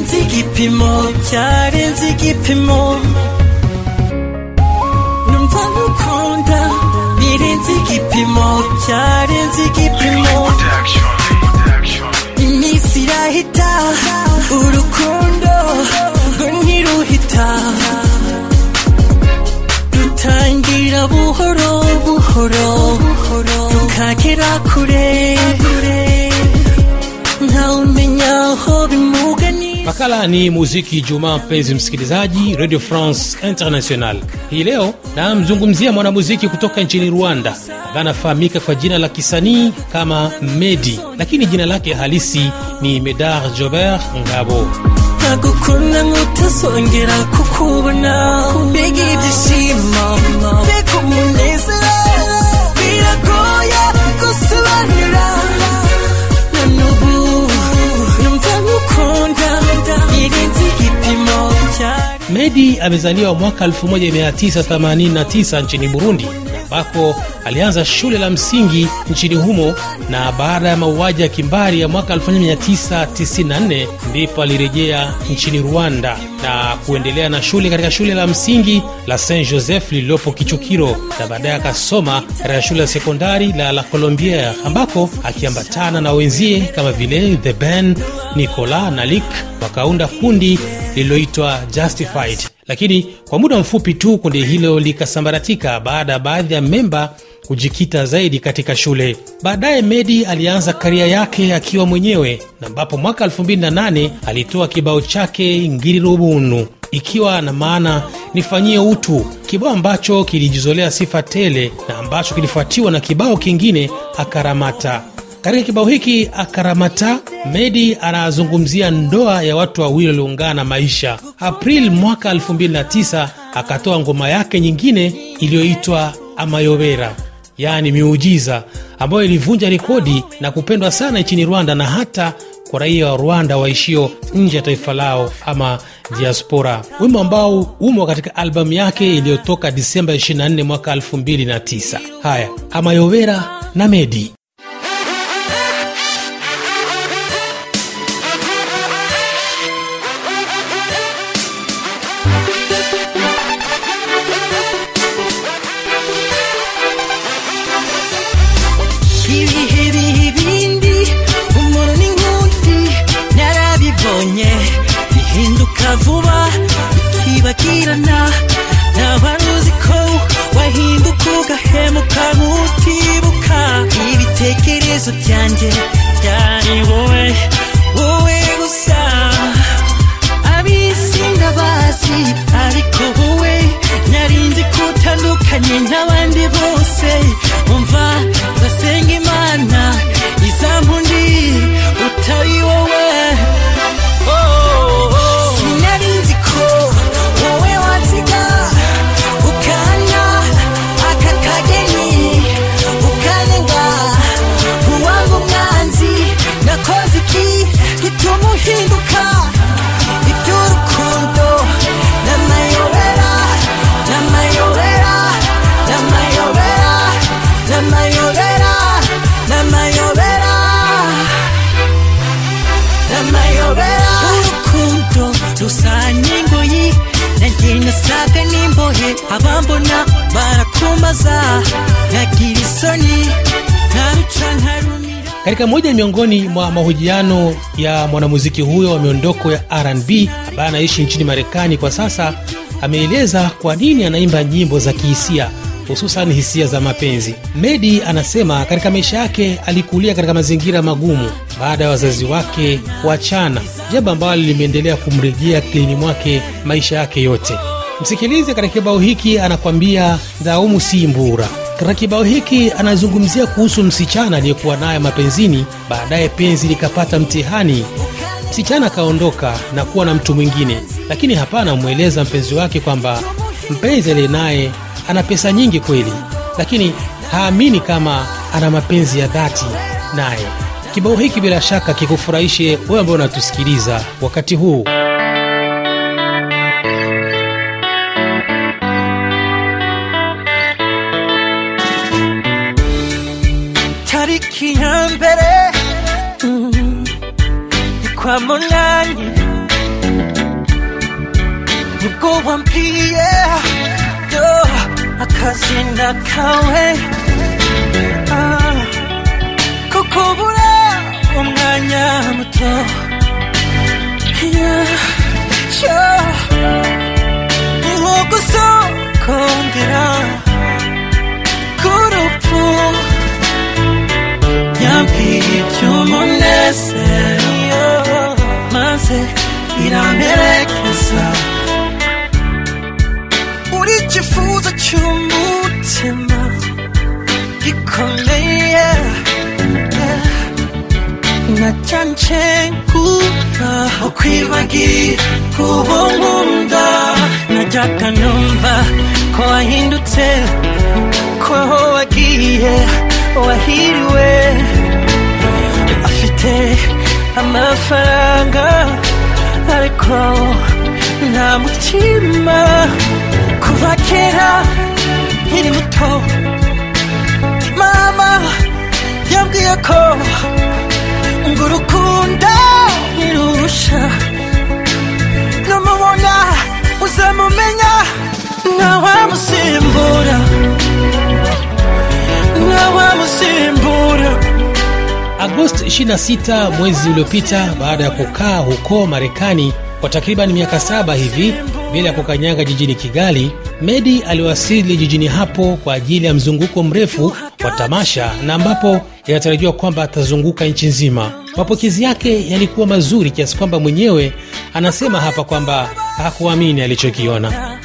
byarenze igipimo byarenze igipimo numva ngukunda birenze igipimo byarenze igipimo iminsi irahita urukundo ngo ntiruhita rutangira buhoro buhoro tukagera kure ntawumenya aho bimwe Makala ni muziki Jumaa. Mpenzi msikilizaji, Radio France International hii leo namzungumzia mwanamuziki kutoka nchini Rwanda ambaye anafahamika kwa jina la kisanii kama Medi, lakini jina lake halisi ni medar Jobert Ngabo. Nagukunda kukubona, mbega ibyishimo, mbega umunezero, biragoye gusobanura Medi amezaliwa mwaka 1989 nchini Burundi ambako alianza shule la msingi nchini humo, na baada ya mauaji ya kimbari ya mwaka 1994 ndipo alirejea nchini Rwanda na kuendelea na shule katika shule la msingi la Saint Joseph lililopo Kichukiro, na baadaye akasoma katika shule ya sekondari la La Colombiere ambako akiambatana na wenzie kama vile The Ben nicola na lik wakaunda kundi lililoitwa Justified, lakini kwa muda mfupi tu kundi hilo likasambaratika baada ya baadhi ya memba kujikita zaidi katika shule. Baadaye Medi alianza karia yake akiwa mwenyewe, na ambapo mwaka 2008 alitoa kibao chake Rubunu, ikiwa na maana nifanyie utu, kibao ambacho kilijizolea sifa tele na ambacho kilifuatiwa na kibao kingine Akaramata. Katika kibao hiki akaramata Medi anazungumzia ndoa ya watu wawili walioungana maisha. April mwaka 2009 akatoa ngoma yake nyingine iliyoitwa Amayobera, yaani miujiza, ambayo ilivunja rekodi na kupendwa sana nchini Rwanda na hata kwa raia wa Rwanda waishio nje ya taifa lao ama diaspora, wimbo ambao umo katika albamu yake iliyotoka Disemba 24 mwaka 2009. Haya, Amayobera na Medi. ibihe biha ibindi umuntu ni nk'undi narabibonye bihinduka vuba bikibagirana ntabara uzi ko wahinduka ugahemuka nk'utibuka ibitekerezo byanjye byari wowe Nasaka nimbohe abambona barakumaza nagira naruca nkarumira. Katika moja miongoni mwa mahojiano ya mwanamuziki huyo wa miondoko ya R&B ambaye anaishi nchini Marekani kwa sasa, ameeleza kwa nini anaimba nyimbo za kihisia hususan hisia za mapenzi. Medi anasema katika maisha yake alikulia katika mazingira magumu baada ya wazazi wake kuachana, jambo ambalo limeendelea kumrejea klini mwake maisha yake yote. Msikilize katika kibao hiki, anakwambia dhaumu si mbura. Katika kibao hiki anazungumzia kuhusu msichana aliyekuwa naye mapenzini, baadaye penzi likapata mtihani, msichana akaondoka na kuwa na mtu mwingine, lakini hapana mweleza mpenzi wake kwamba mpenzi aliye naye ana pesa nyingi kweli, lakini haamini kama ana mapenzi ya dhati naye. Kibao hiki bila shaka kikufurahishe wewe ambao unatusikiliza wakati huu. 난 배래 과몰라니 무고한 피해 또 아카시 나카웨 코코보라 옴나냐부터 야셔 무엇고 소 건드라 Kimolese maze iranterekeza uri ikifuzo cy'umutima wahindutse ko wagiye wahiriwe mfite amafaranga ariko nta mutima kuva kera nkiri muto mama yambwiye ko ngo urukunda ntirurusha numubona uzamumenya ntawamusimbura ntawamusimbura Agosti 26 mwezi uliopita, baada ya kukaa huko Marekani kwa takriban miaka saba hivi bila ya kukanyaga jijini Kigali, Medi aliwasili jijini hapo kwa ajili ya mzunguko mrefu wa tamasha na ambapo inatarajiwa kwamba atazunguka nchi nzima. Mapokezi yake yalikuwa mazuri kiasi kwamba mwenyewe anasema hapa kwamba hakuamini alichokiona.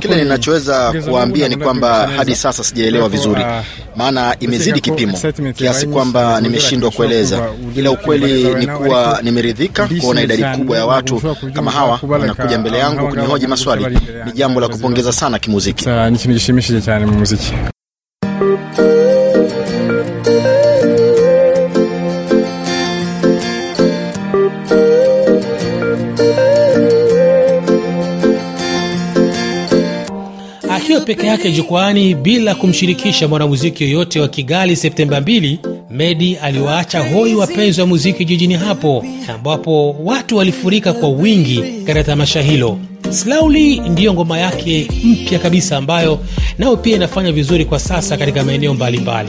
Kile ninachoweza kuwaambia ni kwamba hadi sasa sijaelewa vizuri, ah, maana imezidi kipimo kiasi kwamba nimeshindwa kueleza, ila ukweli ni kuwa nimeridhika kuona idadi kubwa ya watu kama hawa wanakuja mbele yangu kunihoji maswali. Ni jambo la kupongeza sana kimuziki. peke yake jukwani bila kumshirikisha mwanamuziki yoyote wa Kigali Septemba 2, Medi aliwaacha hoi wapenzi wa muziki jijini hapo, ambapo watu walifurika kwa wingi katika tamasha hilo. Slowly ndiyo ngoma yake mpya kabisa ambayo nayo pia inafanya vizuri kwa sasa katika maeneo mbalimbali.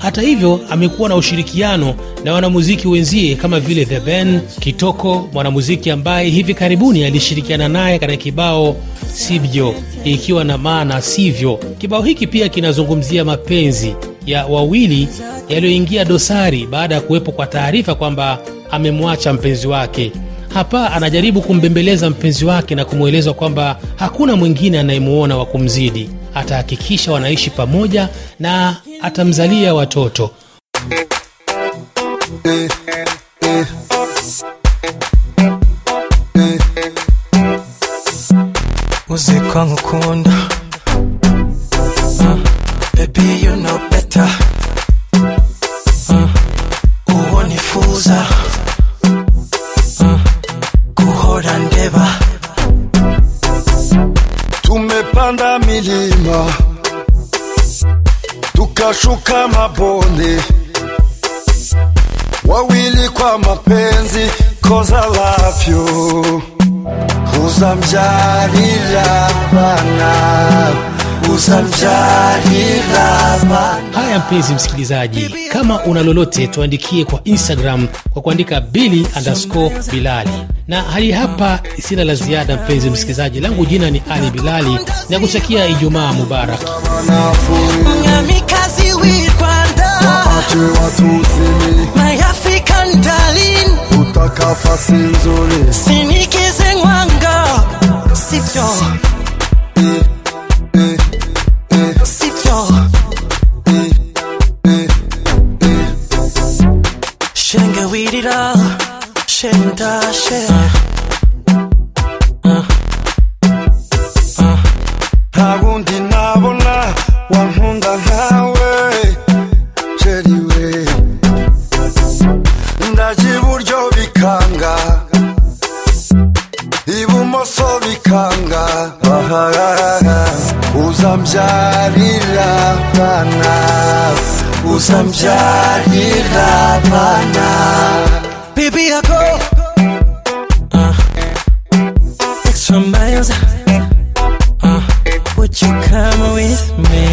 Hata hivyo, amekuwa na ushirikiano na wanamuziki wenzie kama vile The Ben Kitoko, mwanamuziki ambaye hivi karibuni alishirikiana naye katika kibao sivyo ikiwa na maana sivyo. Kibao hiki pia kinazungumzia mapenzi ya wawili yaliyoingia dosari baada ya kuwepo kwa taarifa kwamba amemwacha mpenzi wake. Hapa anajaribu kumbembeleza mpenzi wake na kumweleza kwamba hakuna mwingine anayemwona wa kumzidi atahakikisha wanaishi pamoja na atamzalia watoto. uziko uh, uh, uh, kuhora tumepanda milima mlima tukashuka mabonde wawili kwa mapenzi koza lapyo huzamjalila bana Haya mpenzi msikilizaji, kama una lolote tuandikie kwa Instagram kwa kuandika bili andasco bilali. Na hadi hapa sina la ziada, mpenzi msikilizaji, langu jina ni Ali Bilali na kutakia Ijumaa mubarak. nzuri sinikize sivyo byaje bikanga ibumoso bikanga uzambyarira bana uzambyarira bana bibi yako uh, extra miles uh, would you come with me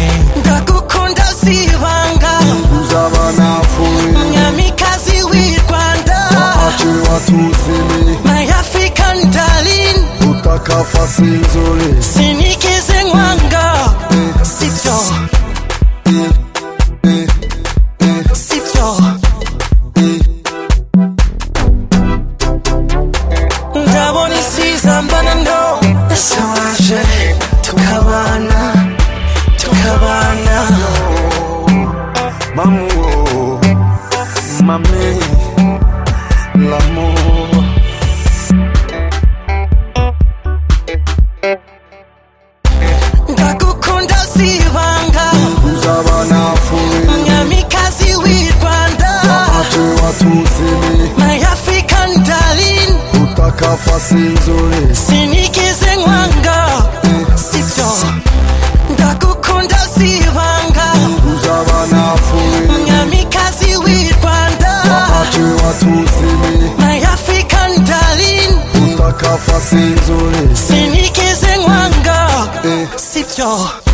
Tusini My African darling Utaka fasinzuri Sini afasinzure sinikize nkwanga sibyo ndagukunda sibanga uzabana afuwe mwamikazi w'i rwanda wapace watusimi my african darling utakafasinzure sinikize nkwanga eh. sibyo